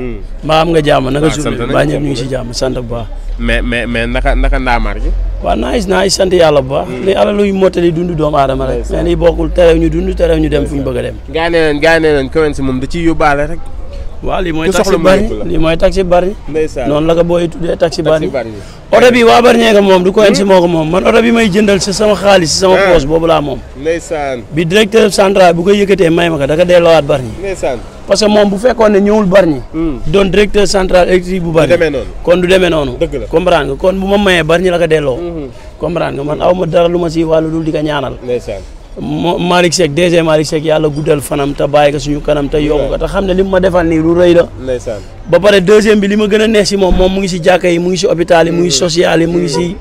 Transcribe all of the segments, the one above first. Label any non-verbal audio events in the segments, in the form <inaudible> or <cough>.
Mm. mbaa am nga jàmm a suuf ba ñëpp ñu ngi si jàmm sant bu baax. mais mais mais naka naka ndaamaar gi. waaw naaj naaj sant yàlla bu baax. Mm. li ala luy mottali dund doomu aadama rek. mais li bokkul terew ñu dund dem fu ñu bëgg a dem. moom du Quench hmm? moo ko moom man oto bi may jëndal si sama xaalis si sama ah. poos boobu laa moom bi directeur central bu ko yëkkatee may ma ko da ko delloowaat Bargny ndeysaan parce que moom bu fekkoon ne ñëwul Bargny hmm. doon directeur central électrique bu Bargny kon du demee noonu comprendre nga kon bu ma mayee Bargny la ko delloo hmm. comprendre nga man aw ma dara lu ma si wàllu dul di ko ñaanal moo Malick Seck DG Malick Seck yàlla guddal fanam te bàyyi ko suñu kanam te yokk ko te xam ne li mu ma defal nii lu rëy la ba pare deuxième bi li ma gën a neex si moom moom mu ngi si jàkka yi mu ngi si hôpital yi mu ngi hmm. social mu ngi si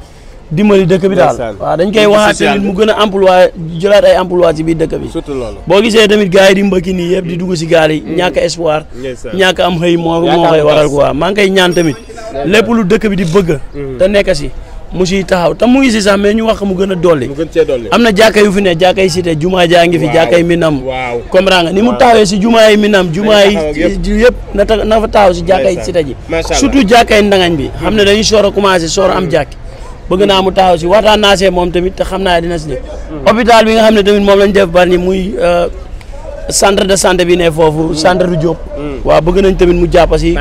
dimbali dëkk bi daal waaw dañ koy waxaat tamit mu gën a emploi jëlaat ay emploi ci biir dëkk bi surtout loolu boo gisee tamit gars yi di mbëkki nii yëpp di dugg si gaal yi mm. ñàkk espoir ñàkk am xëy moo moo koy waral quoi maa ngi koy ñaan tamit lépp lu dëkk bi di bëgg mm. te nekk si mu siy taxaw te mu ngi sax mais ñu wax mu gën a dolli am na jàkka yu fi ne jàkka yi cité jumaa jaa ngi fi jàkka yi minam comprends nga ni mu taxawee si jumaa yi minam jumaa yi yëpp na na fa taxaw si jàkka yi cité ji surtout jàkka yi bi xam ne dañuy soor a commencé soor am jàkki bëgg naa mu taxaw si waxtaan naa moom tamit te xam naa dina si ñëw. hôpital bi nga xam ne tamit moom lañ def bari ni muy euh, centre de santé bi ne foofu. centre du Diop. Mm. waaw bëgg nañ tamit mu jàpp si.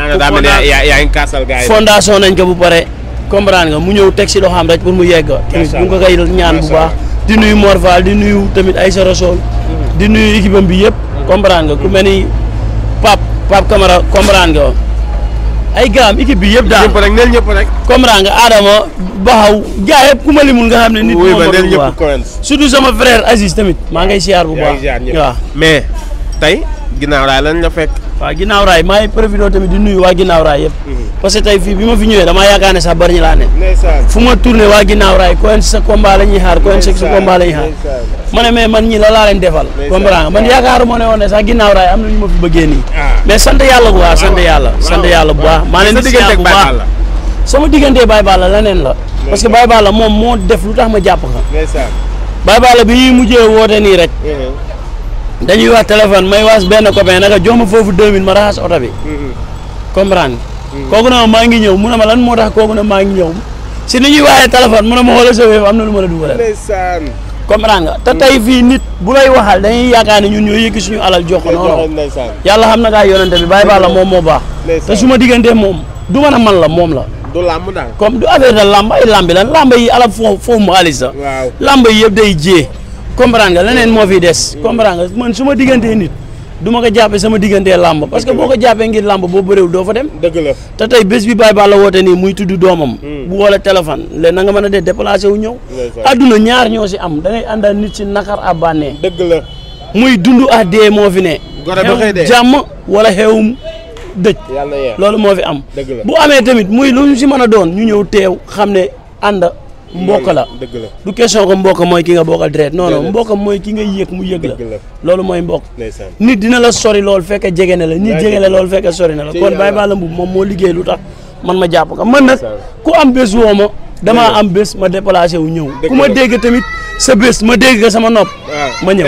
fondation nañ ko bu pare. comprendre nga mu ñëw teg si loxoom rek pour mu yegg. tamit ñu ngi ko koy ñaan bu baax. di nuyu Mor di nuyu tamit ay Sorosol. Mm. di nuyu équipe bi yëpp. comprendre nga ku mel ni Pape Pape Camara comprendre nga. ay gaam équipe bi yëpp daal ñëpp rek neel ñëpp rek. comprends nga Adama Baxaw ku ma limul nga xam ne. nit moom la surtout sama frère Aziz tamit. maa ngay siyaar bu baax waaw mais tey ginnaaw daal lan la fekk. waaw ginnaaw raay maa ngi tamit di nuyu waa ginnaaw raay yëpp. Mm-hmm. parce que bi ma fi ñëwee damaa yaakaar ne sax bari ñu laa ne. fu ma tourné waa ginnaaw raay Quench sa combat la ñuy xaar Quench sa combat la ñuy ma ne mais man ñi la laa leen defal. comprends man yaakaaru moo ne woon ne sax ginnaaw raay am na ñu ma fi bëggee nii. Ah. mais sant yàlla bu baax sant yàlla. sant yàlla bu baax maa leen di sant bu baax sama diggante Baye Balla leneen la. parce que Baye Balla moom moo def lu tax ma jàpp ko. Baye Balla nii rek mm-hmm. dañuy wax téléphone may waas benn copain na jox ma foofu 2000 ma raxas oto bi. Mm-hmm. comprendre nga. Mm-hmm. kooku na ma maa ngi ñëw mu na ma lan moo tax kooku na maa ngi ñëw si ni ñuy waxee téléphone mu ma xoolal am na lu ma la dugalal. ndeysaan. comprendre nga te mm-hmm. fii nit bu lay waxal dañuy yaakaar ne ñun suñu alal jox ko noonu. yàlla xam na kaa yonante bi bàyyi baax la moom moo baax. te su ma diggantee moom du mën a man la moom la. du làmb daal comme du affaire da làmb ay làmb lan làmb yi ala foofu mu xaalis la. waaw làmb yi yëpp day jiyee. comprendre nga leneen moo fi des comprendre nga man su ma diggantee nit du ma ko jàppee sama diggantee làmb parce que boo ko jàppee ngir làmb boo bëréewul doo fa dem dëgg la te tey bés bi Baye Balla woote nii muy tudd doomam hmm. bu woola téléphone léegi nanga man a dee déplacé wu ñëw adduna ñaar ñoo si am da ngay àndal nit si naqar à bànnee dëgg la muy dund ah dee moo fi ne jàmm wala xewum dëj loolu moo fi am bu amee tamit muy lu si man a doon ñu ñëw teew xam ne ànd mbokk la du question ko mbokk mooy ki nga bokkal deret non non mbokk mooy ki nga yëg mu yëg la loolu mooy mbokk nit dina la sori lool fekke jege na la nit jege la lool fekke sori na la kon bàyyi baa la mbub moom moo liggéey lu tax man ma jàpp ko man nag ku am bés woo ma damaa am bés ma déplacé wu ñëw ku ma dégg tamit sa bés ma dégg sama nopp ah, ma ñëw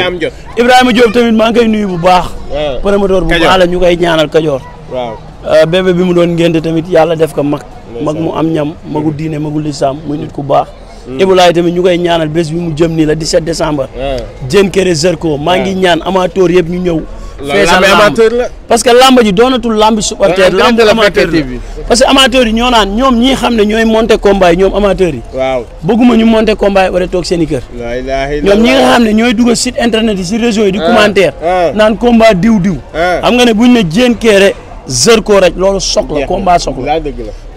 Ibrahima Diop tamit maa ngi koy nuyu bu baax ah. promoteur bu baax la ñu koy ñaanal Kajoor euh, bébé bi mu doon ngénte tamit yàlla def ko mag mag mu am ñam u diine magu lislaam muy nit ku baax Ibulaay tamit ñu koy ñaanal bés bi mu jëm nii la 17 décembre jën kër Zarko maa ngi ñaan amateur yëpp ñu ñëw feesal amateur la parce que làmb ji doonatul làmb supporter làmb amateur la parce que amateur yi ñoo naan ñoom ñi xam ne ñooy monter combat yi ñoom amateur yi waaw bëgguma ñu monter combat yi war toog seen i kër ñoom ñi nga xam ne ñooy dugal site internet yi si réseau yi di commentaire naan combat diw diw xam nga ne buñ ne jën kër Zarko rek loolu soxla combat soxla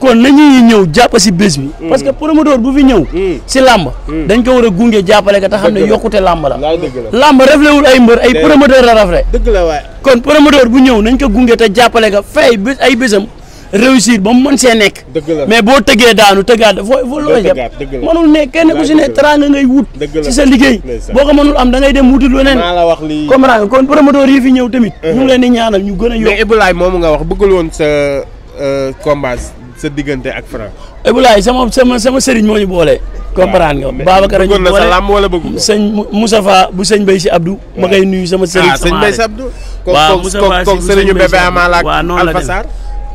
kon nañuy ñëw jàpp si bés bi. Mm. parce que promoteur bu fi ñëw. Mm. si làmb. Mm. dañ ko war a gunge jàppale ka te xam ne yokkute làmb la. làmb raflewul ay mbër ay promoteur la rafle. ay bésam réussir ba mu mën see nekk. mais boo tëggee daanu tëggaat foo foo looy def. mënul ne kenn ku si ne teraanga ngay wut. si sa liggéey boo ko mënul am da dem wuti lu neen. comprendre kon promoteur yi fi ñëw tamit. ñu uh-huh. leen di ñu gën a yokk. Euh, combat sa diggante ak Franc. Ibulaay sama sama sama sëriñ moo ñu boole. comprendre nga Babacar a boole sa làmb wala bëgg sëñ Moustapha bu sëñ Bay si Abdou. ma koy nuyu sama sëriñ. Ah, sama Bay si Abdou. waaw Moustapha si sëriñ Bay si Abdou waaw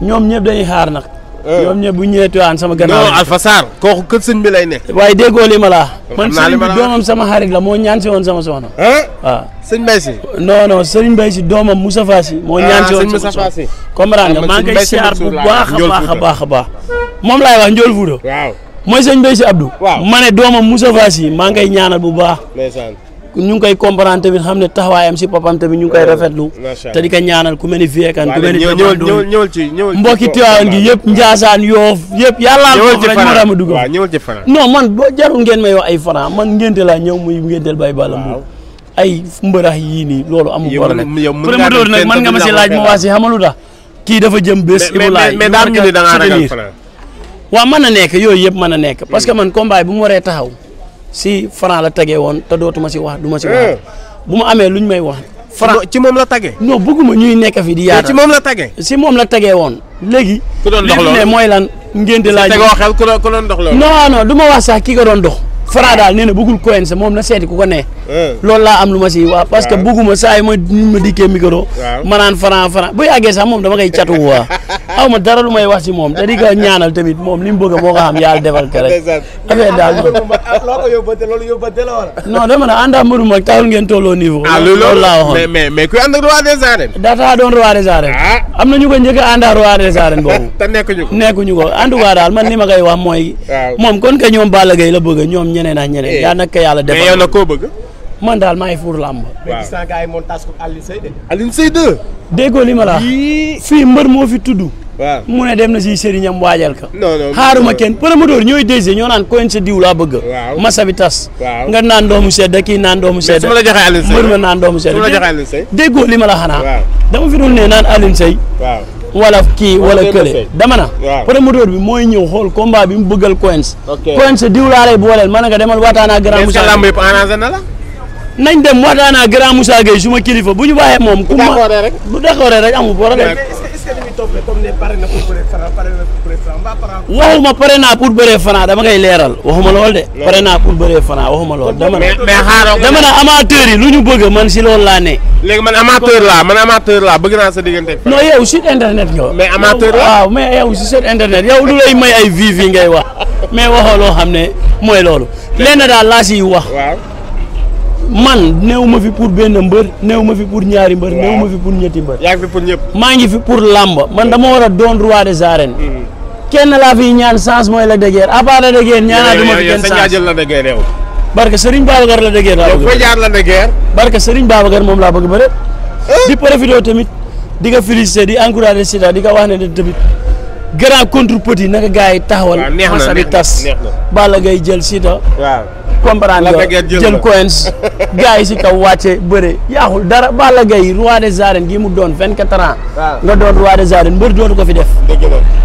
ñoom ñëpp dañuy xaar nag. Euh. ñoom ñëpp bu ñëwee Tiwaawan sama gannaaw non Alpha Sarr kooku kër sëñ bi lay nekk waaye déggoo li ma laa man sëriñ bi doomam sama xarit la moo ñaan si woon sama soxna waaw sëñ Mbaye si non non sëriñ Mbaye si doomam Moustapha si moo ñaan si ah, woon sama soxna comprendre nga maa ngi koy siyaar bu baax a baax a baax a baax moom laay wax Njool Fuuta waaw mooy sëñ Mbaye si Abdou ma ne doomam Moustapha si maa ngi koy bu baax ñu ngi koy comprendre tamit xam ne taxawaayam si boppam tamit ñu ngi koy rafetlu te di ko ñaanal ku mel ni Viekane ku mel ni ñëwal ci ñëwal mbokki Tiwaawan gi yëpp Njaasaan Yoof yëpp yàllaa rek moo tax ma dugg non man boo jarul ngeen may wax ay Franc man ngénte laa ñëw muy ngénteel Baye Balla Mbuub ay mbërax yii nii loolu amul problème promoteur nag mën nga ma si laaj ma waa si xamalu kii dafa jëm bés ibu laay waaw mën a nekk yooyu yëpp mën a nekk parce que man combat bi mu waree taxaw si franc la tagee woon te dootuma si wax du ma si wax eh. bu mu amee luñ may wax. franc ci moom la tagee. non bëgguma ñuy nekk fi di yaatu. ci la tagee. si moom la tagee woon léegi. ku doon dox loolu ne mooy lan. ngeen di laaj tegoo xel ku doon dox loolu. non non du ma wax sax ki ko doon dox. Franc daal nee na bëggul coince moom na seeti ku ko nee. Eh. loolu laa am lu ma si waaw parce que bëgguma saa yi ma ma dikkee micro. waaw ma naan Franc Franc bu yàggee moom dama koy catu waa <laughs> ma dara wax si moom te di ko ñaanal tamit li mu bëgg moo ko xam yàlla defal ko rek. affaire daal <laughs> ah, loolu yóbbante loolu yóbbante la wala. non dama ne ànd ak mbëru mag taxul ngeen ah, ah. a <laughs> ma koy wax mooy. moom kon que ñoom Balla Gaye la bëgg ñeneen ak ñeneen. Eh. yaa nag yàlla defal mais yow nag koo bëgg. man daal maa ngi fuur làmb. waaw gis naa gars yi li ma la fii mbër moo fi tudd. waaw mu ne na si sëriñam waajal ka. non non xaaruma kenn promoteur ñooy dese ñoo naan koñ sa diw laa bëgg. waaw masa bi tas. nga naan doomu sedd kii naan doomu sedd. mais su ma la joxee Alioune Seye mbër ma naan doomu sedd. déggoo li ma la xanaa. dama fi doon ne naan Alioune wala kii wala kële dama na promoteur bi mooy ñëw xool combat bi mu bëggal Coins Coins diw laa lay booleel ma ne nga demal waxtaanaa grand Moussa lamb yëpp arrangé na la nañ dem waxtaanaa grand Moussa Gueye kilifa bu ñu waxee moom ku ma bu d'accordé rek amul problème waxuma pare naa pour bëree Franc dama ngay leeral waxuma lool de. pare naa pour bëree Franc waxuma lool dama. mais mais lu ñu bëgg man si loolu laa ne. léegi man internet nga. la waaw mais yow si site internet yow lu lay may ay vies yi wax mais waxoo loo xam ne mooy loolu. lenn daal laa siy wax. man néew ma fi pour benn mbër néew ma fi pour ñaari mbër. néew ma fi pour ñetti mbër. maa ngi fi pour làmb man dama war doon roi des arènes. Mm. kenn laa fiy ñaan chance mooy la dëgër à part la dëgër ñaanaatuma fi kenn chance yow la dëgër yow. la dëgër laa bëgg a bëri jaar la dëgër. moom laa bëgg a bëri. di profité tamit di ko félicité di encouragé Sida di ko wax ne tamit grand contre petit naka gars yi taxawal. waaw neex na neex na tas Balla ngay jël Sida. comprendre nga jël coins <laughs> gars yi si kaw wàcce bëre yaaxul dara Balla Gaye roi des arènes gi mu doon vingt quatre ans nga doon roi des arènes mbër dootu ko fi def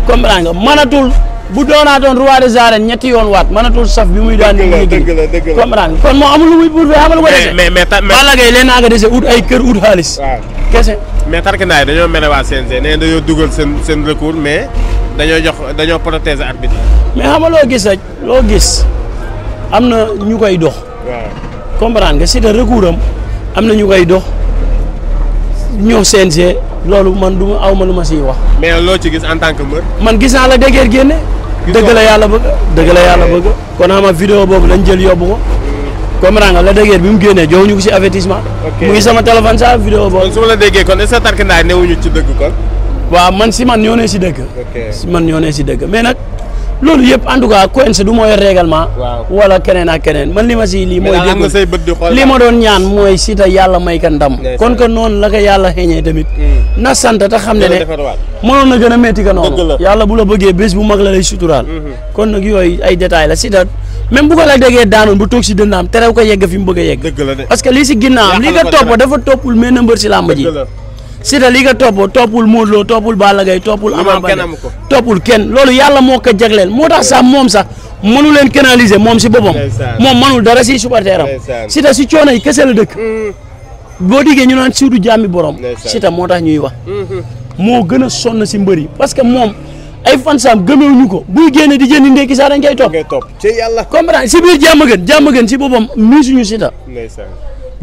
comprendre nga mënatul bu doonaatoon roi des arènes ñetti yoon waat mënatul saf bi muy daan liggéey comprendre kon moo amul lu muy buur fe xamal ko dese Balla Gaye leen naa nga dese ut ay kër ut xaalis kese mais tarkindaay dañoo mere dañoo dugal seen seen recours mais dañoo jox dañoo protéger arbitre mais xamaloo gis rek loo gis am na ñu koy dox. waaw comprendre nga c'est un recours am am na ñu koy dox ñoo CNG loolu man du ma aw ma lu ma siy wax. mais loo ci gis en tant que mbër. man gis naa la dégeer génne. dëgg la yàlla bëgg dëgg la yàlla bëgg. kon ama vidéo boobu lañ jël yóbbu ko. comprendre nga la dégeer bi mu génnee jox ñu ko si avertissement. mu ngi sama téléphone sa vidéo boobu. kon su ma la déggee kon est-ce que tarkindaay newuñu ci dëgg kon. waa man si man ñoo ne si dëgg. si man ñoo ne si dëgg mais nag. loolu yëpp en tout cas COINS du moo yor règlement. wala keneen ak keneen man li ma si lii. mooy déglu li ma doon ñaan mooy Siteu yàlla may ka ndam. kon que noonu la ko yàlla xeeñee tamit. Hmm. na sant te xam ne ne mënoon na gën a métti ka noonu. yàlla bu la bëggee bés bu mag la lay suturaal. Hmm. kon nag yooyu ay détails la Siteu même bu ko la déggee daanoon bu toog si dënnaam terew ko yegg fi mu a yegg. parce que lii si ginnaaw li nga topp dafa toppul mais nëmbër si Siteu li nga topp toppul Modou Lo toppul Balla Gaye toppul Ama Baldé toppul kenn loolu yàlla moo ko jagleel moo tax sax moom sax mënu leen canaliser moom si boppam moom mënul dara si supporteram Siteu si coono yi kese la dëkk mm. boo diggee ñu naan suudu jàmmi borom Siteu moo tax ñuy wax mm-hmm. moo gën a sonn si mbër yi parce que moom ay fansaam gëmewuñu ko buy génne di jëndi ndékki sax dañ koy topp comprendre si biir jàmm gën jàmm gën si boppam miisuñu Siteu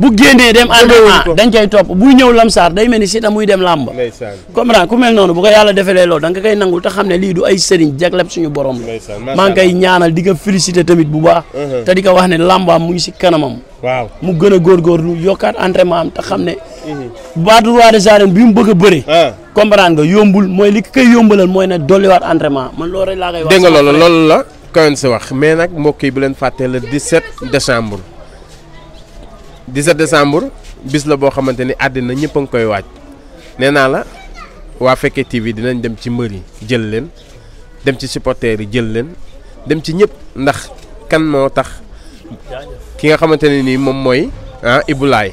bu génnee dem entraînement dañ koy topp buy ñëw lamsaar day mel ni Siteu muy dem làmb comprendre ku mel noonu bu ko yàlla defelee loolu da nga koy nangul te xam ne lii du ay sëriñ jagleb suñu borom la maa ngi koy ñaanal di ko féliciter tamit bu baax uh-huh. te di ko wax ne làmbaam mu ngi si kanamam waaw mu gën a góor góor lu yokkaat entraînement am te xam ne uh-huh. baatu roi des arènes bi mu bëgg a bëri ah. comprendre nga yombul mooy li koy yombalal mooy ne dolliwaat entraînement man loolu rek laa koy wax dégg nga loolu la Quench wax mais nag mbokk yi bu leen fàttee le 17 décembre 17 décembre bis la boo xamante ni àddina ñëpp nga koy waaj nee naa la waa Fekke TV dinañ dem ci mbër yi jël leen dem ci supporters yi jël leen dem ci ñëpp ndax kan moo tax ki nga xamante ne nii moom mooy ah Ibou Laye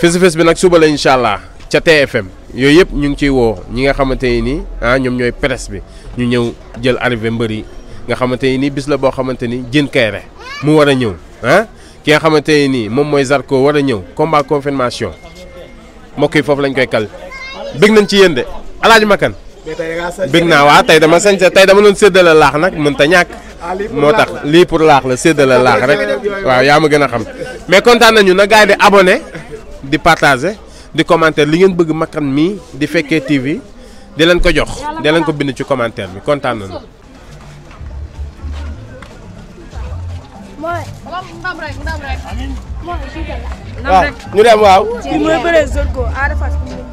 face bi nag suba la incha allah ca TFM yooyu yëpp ñu ngi ciy woo ñi nga xamante ni nii ah ñoom ñooy presse bi ñu ñëw jël arrivé mbër yi nga xamante ni nii bis la boo xamante ni jën kayre mu war a ñëw ah. ki nga xamante ne nii moom mooy Zarko war a ñëw combat confirmation mbokk yi foofu lañ koy kal bëgg nañ ci yéen de alaaji makan bëgg naa waa tey dama sañse tey dama doon séddale laax nag mënta ñàkk moo tax lii pour laax la séddale laax rek waaw yaa ma gën a xam mais kontaan nañu na gars di abonné di partager di commentaire li ngeen bëgg makan mii di fekkee TV di leen ko jox di leen ko bind ci commentaire bi kontaan nañu ndam rek ndam rek. amiin waaw ñu dem waaw. kii mooy bëree Zorko Ada Fass